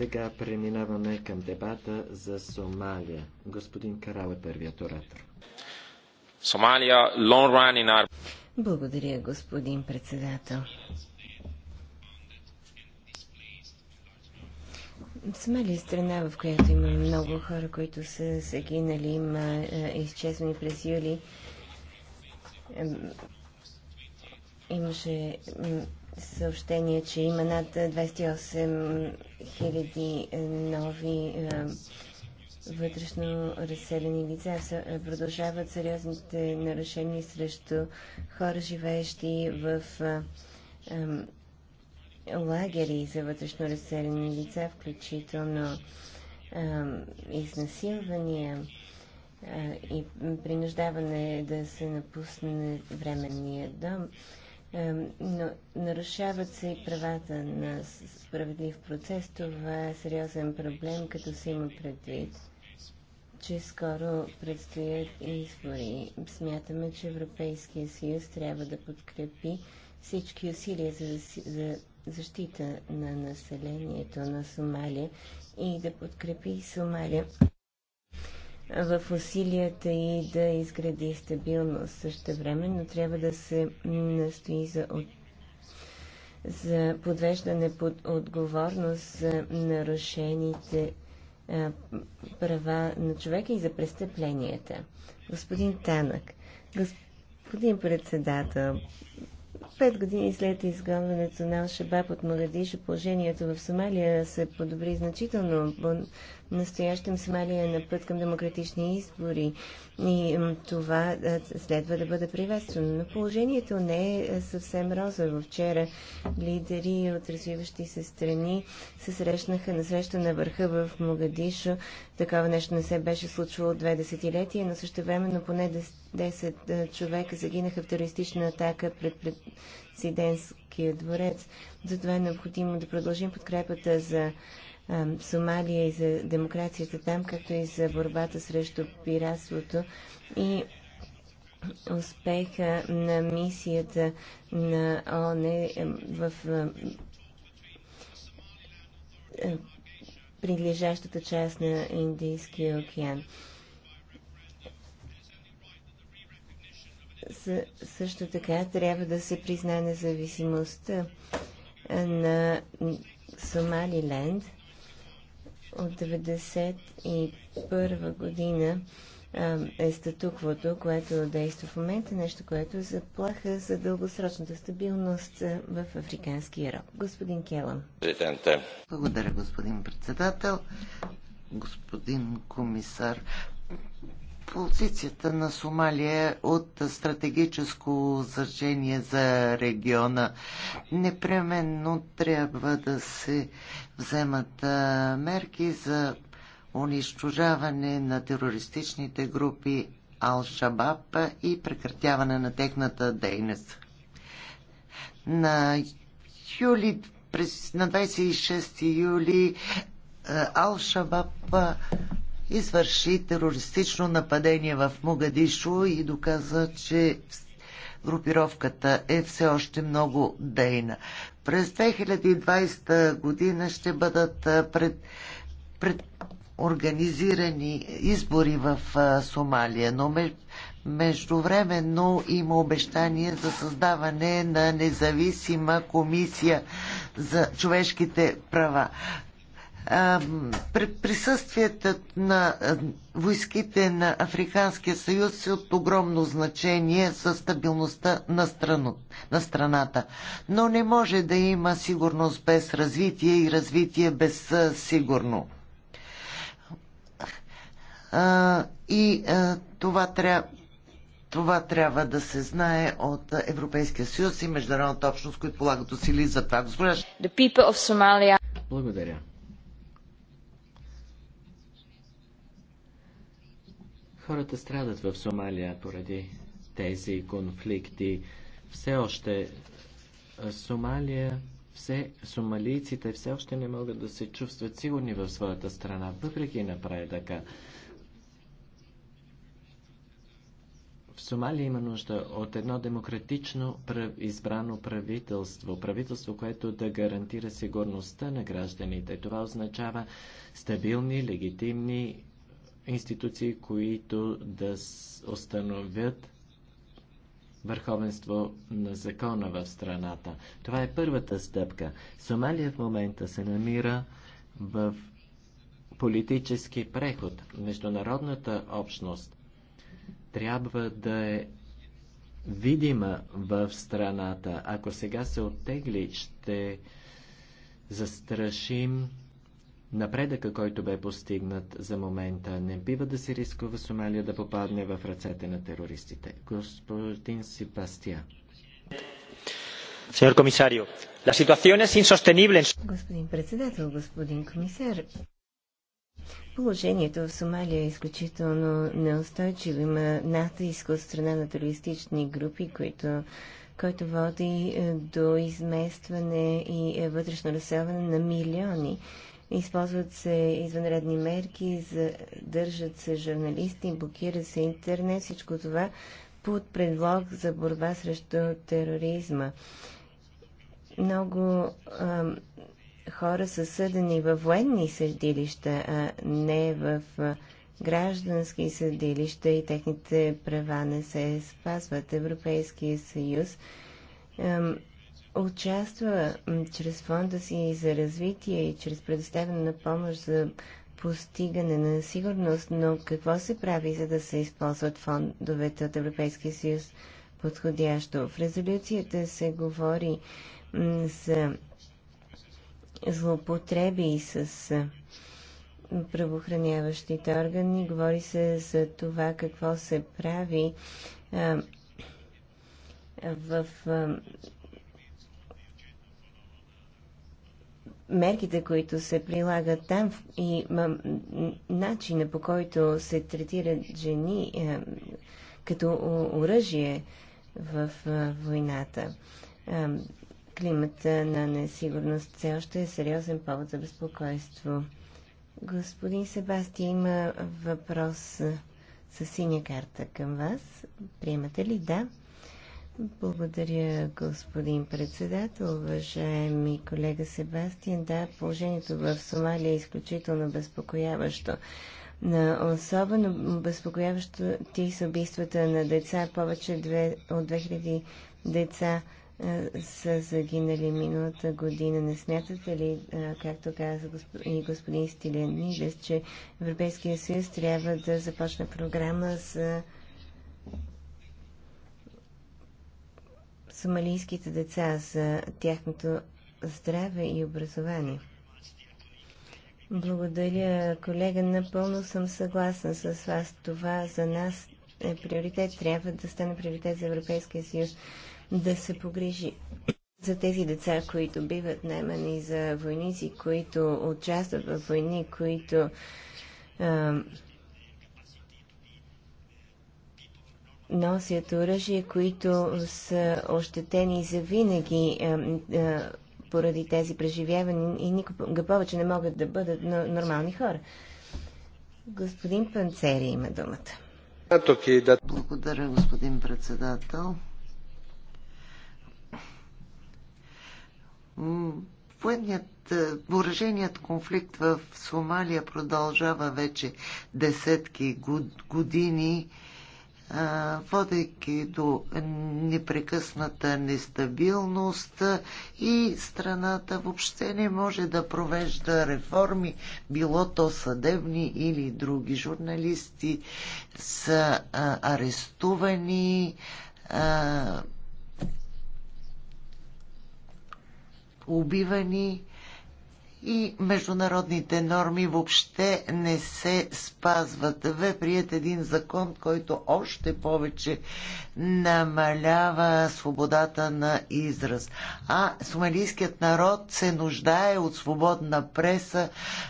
Сега преминаваме към дебата за Сомалия. Господин Карал е първият оратор. Сомалия, long run in our... Благодаря, господин председател. Сомалия е страна, в която има много хора, които са загинали, има е, изчезвани през юли. Имаше съобщение, че има над 28 000 е, нови е, вътрешно разселени лица. Е, продължават сериозните нарушения срещу хора, живеещи в лагери за вътрешно разселени лица, включително изнасилвания и принуждаване да се напусне временния дом но нарушават се и правата на справедлив процес. Това е сериозен проблем, като се има предвид, че скоро предстоят избори. Смятаме, че Европейския съюз трябва да подкрепи всички усилия за, за защита на населението на Сомалия и да подкрепи Сомалия в усилията и да изгради стабилност. Също време, но трябва да се настои за, от... за подвеждане под отговорност за нарушените права на човека и за престъпленията. Господин Танък, господин председател, Пет години след изгонването на Шабаб от Магадишо, положението в Сомалия се подобри значително настоящем смелия е на път към демократични избори и това следва да бъде приветствано. Но положението не е съвсем розово. Вчера лидери от развиващи се страни се срещнаха на среща на върха в Могадишо. Такова нещо не се беше случвало от две десетилетия, но също времено поне 10 човека загинаха в терористична атака пред президентския дворец. Затова е необходимо да продължим подкрепата за Сомалия и за демокрацията там, както и за борбата срещу пиратството и успеха на мисията на ОНЕ в прилежащата част на Индийския океан. също така трябва да се признае независимостта на Сомалиленд – от 1991 година е статуквото, което действа в момента, нещо, което е заплаха за дългосрочната стабилност в Африканския рок. Господин Келан. Благодаря, господин председател. Господин комисар, Позицията на Сомалия от стратегическо значение за региона. Непременно трябва да се вземат мерки за унищожаване на терористичните групи Ал-Шабаб и прекратяване на техната дейност. На юли, през, на 26 юли Ал-Шабаб извърши терористично нападение в Могадишо и доказа, че групировката е все още много дейна. През 2020 година ще бъдат пред, пред организирани избори в Сомалия, но междувременно има обещание за създаване на независима комисия за човешките права присъствието на войските на Африканския съюз е от огромно значение за стабилността на, страну, на страната. Но не може да има сигурност без развитие и развитие без сигурно. И това трябва това трябва да се знае от Европейския съюз и международната общност, които полагат усилия за това. Госпожа. Благодаря. Хората страдат в Сомалия поради тези конфликти. Все още Сомалия, все, сомалийците все още не могат да се чувстват сигурни в своята страна, въпреки напредъка. В Сомалия има нужда от едно демократично избрано правителство, правителство, което да гарантира сигурността на гражданите. Това означава стабилни, легитимни институции, които да установят върховенство на закона в страната. Това е първата стъпка. Сомалия в момента се намира в политически преход. Международната общност трябва да е видима в страната. Ако сега се оттегли, ще застрашим Напредъка, който бе постигнат за момента, не бива да се рискува Сомалия да попадне в ръцете на терористите. Господин Себастия. Сеньор комисарио, la situación es insostenible. Господин председател, господин комисар, положението в Сомалия е изключително неустойчиво. Има натиск от страна на терористични групи, които който води е, до изместване и е, вътрешно разселване на милиони Използват се извънредни мерки, задържат се журналисти, блокира се интернет, всичко това под предлог за борба срещу тероризма. Много а, хора са съдени във военни съдилища, а не в а, граждански съдилища и техните права не се спазват. Европейския съюз а, участва чрез фонда си за развитие и чрез предоставяне на помощ за постигане на сигурност, но какво се прави, за да се използват фондовете от Европейския съюз подходящо? В резолюцията се говори за злоупотреби с правоохраняващите органи, говори се за това какво се прави а, в а, мерките, които се прилагат там и начина по който се третират жени е, като оръжие в е, войната. Е, климата на несигурност все още е сериозен повод за безпокойство. Господин Себастия има въпрос със синя карта към вас. Приемате ли? Да. Благодаря, господин председател. Уважаеми колега Себастиан, да, положението в Сомалия е изключително безпокояващо. На особено безпокояващо ти са убийствата на деца. Повече от 2000 деца са загинали миналата година. Не смятате ли, както каза и господин Стилянидес, че Европейския съюз трябва да започне програма за сомалийските деца за тяхното здраве и образование. Благодаря, колега. Напълно съм съгласна с вас. Това за нас е приоритет. Трябва да стане приоритет за Европейския съюз да се погрижи за тези деца, които биват наймани за войници, които участват в войни, които а, носят оръжие, които са ощетени за винаги е, е, поради тези преживявания и никога повече не могат да бъдат нормални хора. Господин Панцери има думата. Благодаря, господин председател. Военният, е, въоръженият конфликт в Сомалия продължава вече десетки години водейки до непрекъсната нестабилност и страната въобще не може да провежда реформи, било то съдебни или други. Журналисти са арестувани, убивани и международните норми въобще не се спазват. Ве прият един закон, който още повече намалява свободата на израз. А сумалийският народ се нуждае от свободна преса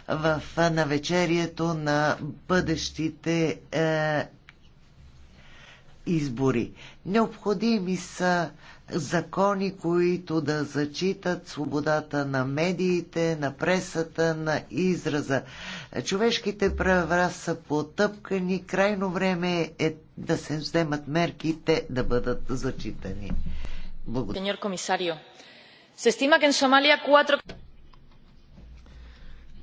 в навечерието на бъдещите е, избори. Необходими са закони, които да зачитат свободата на медиите, на пресата, на израза. Човешките права са потъпкани. Крайно време е да се вземат мерките да бъдат зачитани. Благодаря.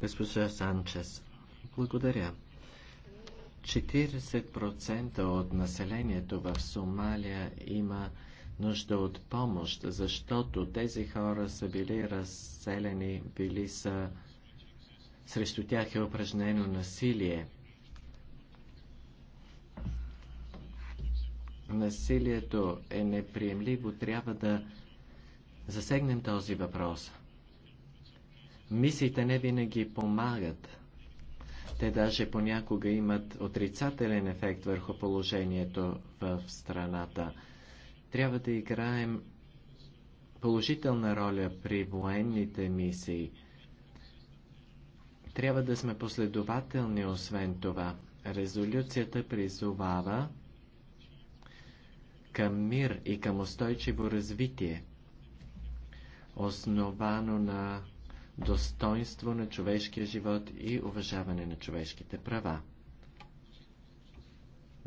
Госпожа Санчес, благодаря. 40% от населението в Сомалия има нужда от помощ, защото тези хора са били разселени, били са срещу тях е упражнено насилие. Насилието е неприемливо, трябва да засегнем този въпрос. Мисиите не винаги помагат. Те даже понякога имат отрицателен ефект върху положението в страната. Трябва да играем положителна роля при военните мисии. Трябва да сме последователни, освен това. Резолюцията призовава към мир и към устойчиво развитие, основано на достоинство на човешкия живот и уважаване на човешките права.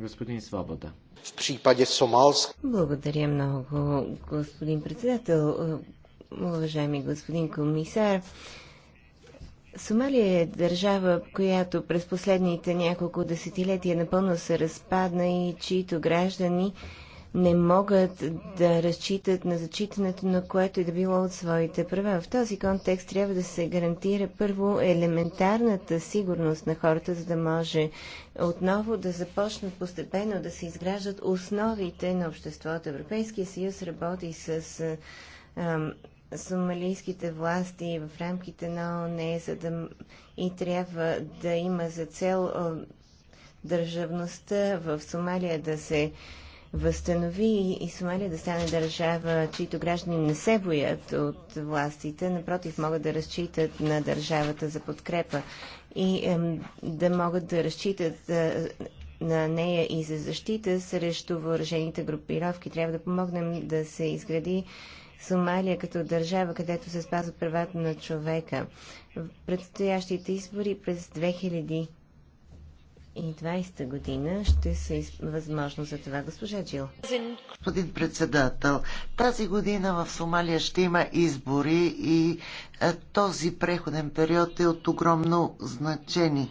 Господин Свобода. В Сомалск. Благодаря много, господин председател. Уважаеми господин комисар, Сомалия е държава, която през последните няколко десетилетия напълно се разпадна и чието граждани не могат да разчитат на зачитането на което и е да било от своите права. В този контекст трябва да се гарантира първо елементарната сигурност на хората, за да може отново да започнат постепенно да се изграждат основите на обществото. Европейския съюз работи с сомалийските власти в рамките на ОНЕ, за да и трябва да има за цел държавността в Сомалия да се възстанови и Сомалия да стане държава, чието граждани не се боят от властите, напротив могат да разчитат на държавата за подкрепа и да могат да разчитат е, на нея и за защита срещу въоръжените групировки. Трябва да помогнем да се изгради Сомалия като държава, където се спазват правата на човека. Предстоящите избори през 2000 2020 година ще се възможно за това, госпожа Джил. Господин председател, тази година в Сомалия ще има избори и е, този преходен период е от огромно значение.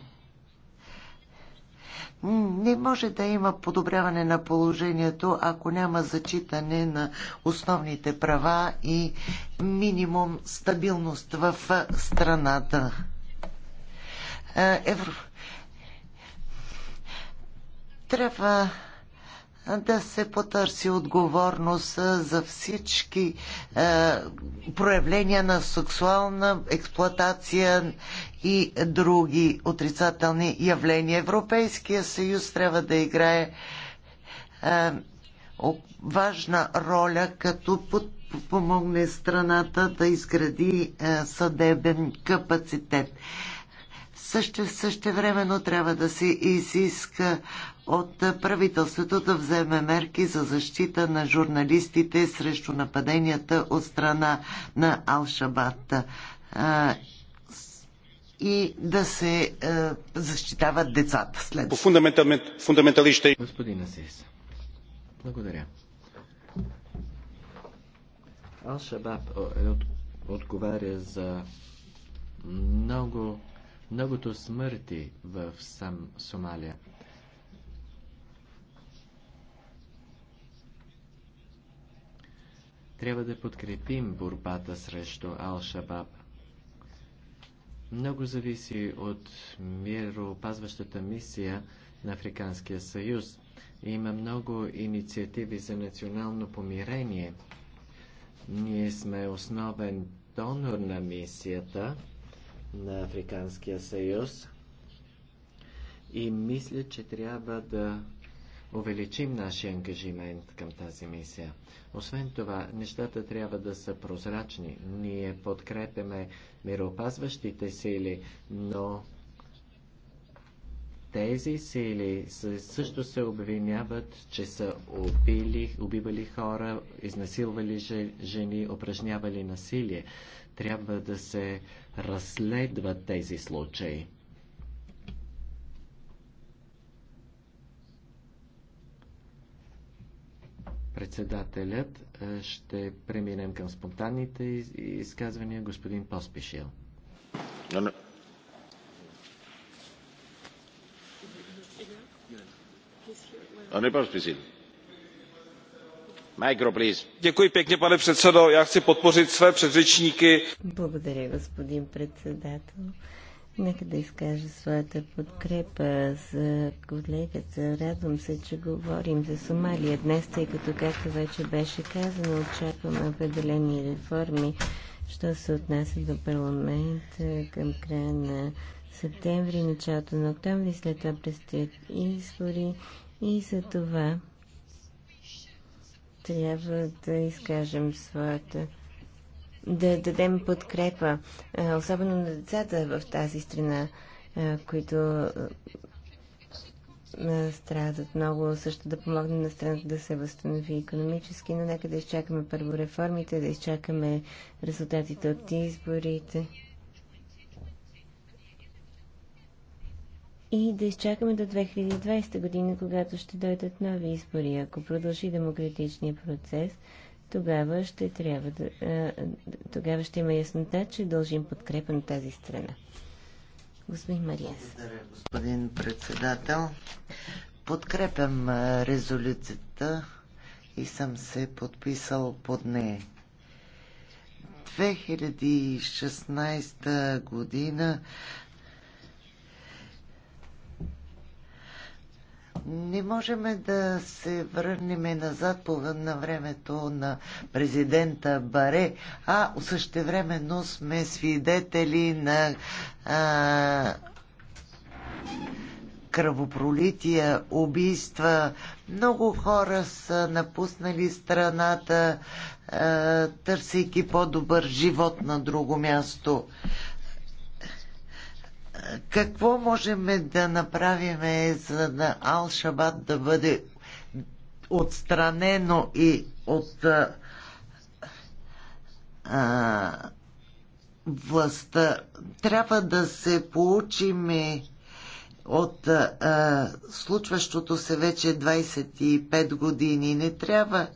Не може да има подобряване на положението, ако няма зачитане на основните права и минимум стабилност в е, страната. Е, Евро... Трябва да се потърси отговорност за всички е, проявления на сексуална експлоатация и други отрицателни явления. Европейския съюз трябва да играе е, важна роля, като помогне страната да изгради е, съдебен капацитет. Също, същевременно трябва да се изиска от правителството да вземе мерки за защита на журналистите срещу нападенията от страна на Алшабат и да се защитават децата след. Фундаменталище. Господин Асис, благодаря. Алшабаб е, от, отговаря за много, многото смърти в сам Сомалия. Трябва да подкрепим борбата срещу Ал-Шабаб. Много зависи от мироопазващата мисия на Африканския съюз. Има много инициативи за национално помирение. Ние сме основен донор на мисията на Африканския съюз и мисля, че трябва да увеличим нашия ангажимент към тази мисия. Освен това, нещата трябва да са прозрачни. Ние подкрепяме мироопазващите сили, но тези сили също се обвиняват, че са убили, убивали хора, изнасилвали жени, упражнявали насилие. Трябва да се разследват тези случаи. председателят. Е, ще преминем към спонтанните изказвания. Господин Поспешил. pane já chci podpořit své předřečníky. благодаря господин председател. Нека да изкажа своята подкрепа за колегата. Радвам се, че говорим за Сомалия днес, тъй като, както вече беше казано, очакваме определени реформи, що се отнася до парламента към края на септември, началото на октомври, след това предстоят избори и за това трябва да изкажем своята да дадем подкрепа, особено на децата в тази страна, които страдат много, също да помогне на страната да се възстанови економически, но нека да изчакаме първо реформите, да изчакаме резултатите от изборите. И да изчакаме до 2020 година, когато ще дойдат нови избори. Ако продължи демократичния процес, тогава ще трябва да. Е, тогава ще има яснота, че дължим подкрепа на тази страна. Господин Мариас. Благодаря, господин председател. Подкрепям е, резолюцията и съм се подписал под нея. 2016 година Не можем да се върнем назад по на времето на президента Баре, а същевременно сме свидетели на а, кръвопролития, убийства. Много хора са напуснали страната, търсейки по-добър живот на друго място какво можем да направим за да Ал-Шабат да бъде отстранено и от а, а, властта. Трябва да се получим от а, случващото се вече 25 години. Не трябва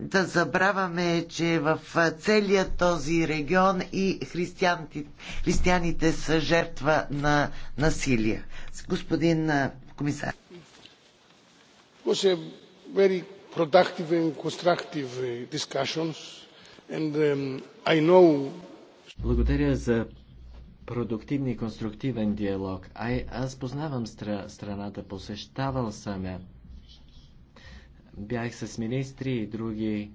да забравяме, че в целия този регион и християните, християните са жертва на насилие. Господин комисар. Very productive and constructive uh, discussions, and um, I know. Благодаря за продуктивни и конструктивен диалог. Ай, аз познавам стра, страната, посещавал съм я. Бях с министри и други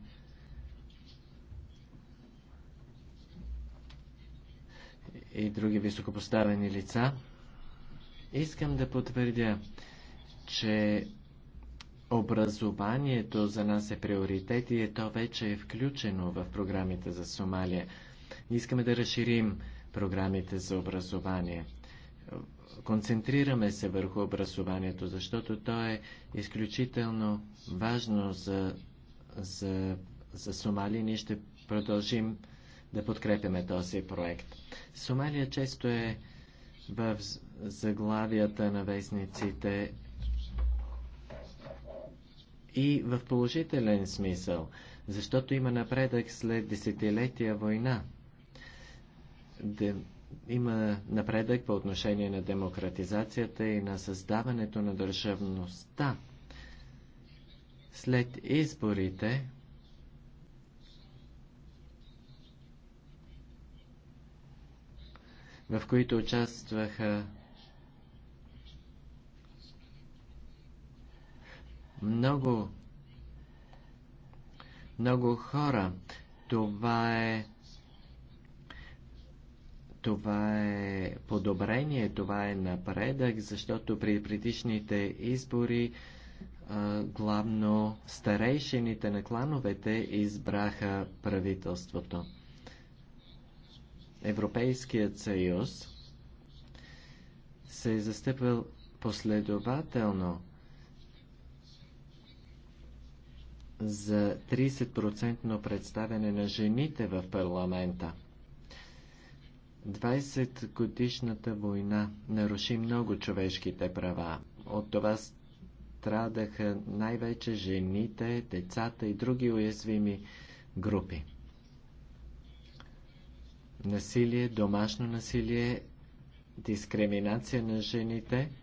и други високопоставени лица. Искам да потвърдя, че образованието за нас е приоритет и е то вече е включено в програмите за Сомалия. Искаме да разширим програмите за образование концентрираме се върху образованието, защото то е изключително важно за, за, за Сомали. Ние ще продължим да подкрепяме този проект. Сомалия често е в заглавията на вестниците и в положителен смисъл, защото има напредък след десетилетия война. Има напредък по отношение на демократизацията и на създаването на държавността. След изборите в които участваха много, много хора. Това е това е подобрение, това е напредък, защото при предишните избори главно старейшините на клановете избраха правителството. Европейският съюз се е застъпил последователно за 30% представяне на жените в парламента – 20 годишната война наруши много човешките права. От това страдаха най-вече жените, децата и други уязвими групи. Насилие, домашно насилие, дискриминация на жените –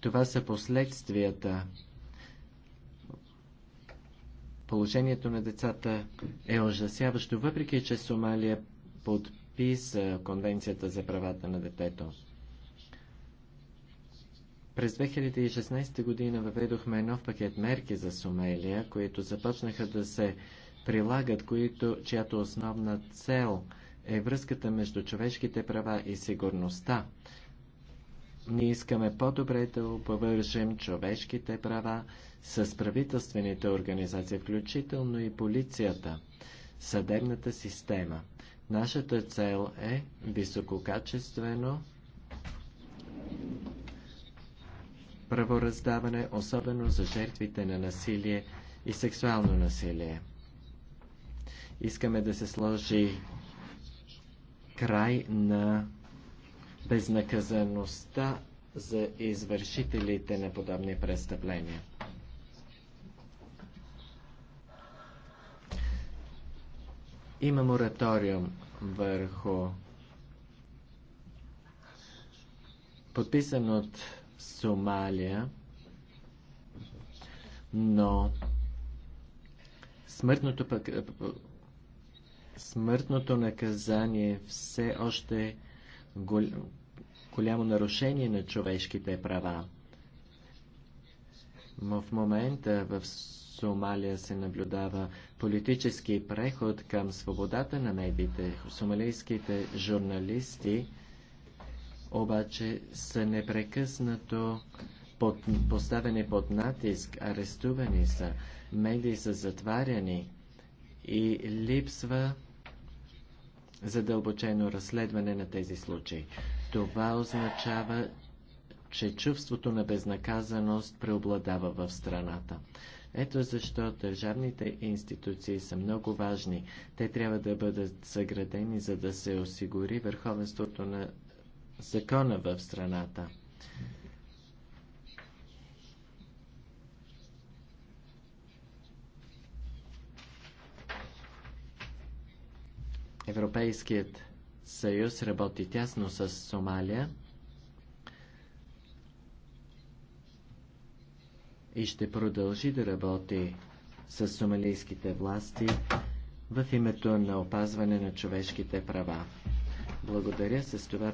Това са последствията Положението на децата е ужасяващо, въпреки че Сомалия подписа Конвенцията за правата на детето. През 2016 година въведохме нов пакет мерки за Сомалия, които започнаха да се прилагат, които, чиято основна цел е връзката между човешките права и сигурността. Ние искаме по-добре да обвържем човешките права с правителствените организации, включително и полицията, съдебната система. Нашата цел е висококачествено правораздаване, особено за жертвите на насилие и сексуално насилие. Искаме да се сложи край на безнаказаността за извършителите на подобни престъпления. Има мораториум върху подписан от Сомалия, но смъртното, пък, смъртното наказание все още голямо нарушение на човешките права. В момента в Сомалия се наблюдава политически преход към свободата на медиите. Сомалийските журналисти обаче са непрекъснато под, поставени под натиск, арестувани са, медии са затваряни и липсва задълбочено разследване на тези случаи. Това означава, че чувството на безнаказаност преобладава в страната. Ето защо държавните институции са много важни. Те трябва да бъдат съградени, за да се осигури върховенството на закона в страната. Европейският съюз работи тясно с Сомалия и ще продължи да работи с сомалийските власти в името на опазване на човешките права. Благодаря с това